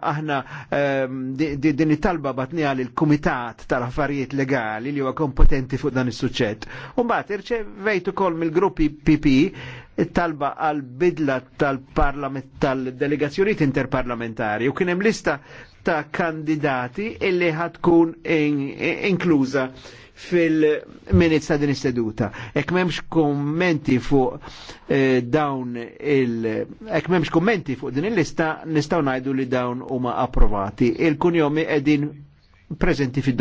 aħna ehm, din it-talba għal il kumitat tal-affarijiet legali li huwa kompetenti fuq dan is-suċċett. Mbagħad irċevejt ukoll mill-gruppi PP talba għal bidla tal-parlament tal delegazzjonijiet interparlamentari u kien hemm lista ta' kandidati illi ħatkun inkluża fil minizz ta' din is-seduta. Hekk m'hemmx kommenti fuq eh, dawn il- hekk m'hemmx kummenti fuq din il-lista nistgħu ngħidu li dawn huma approvati. Il-kunjomi qegħdin prezenti fid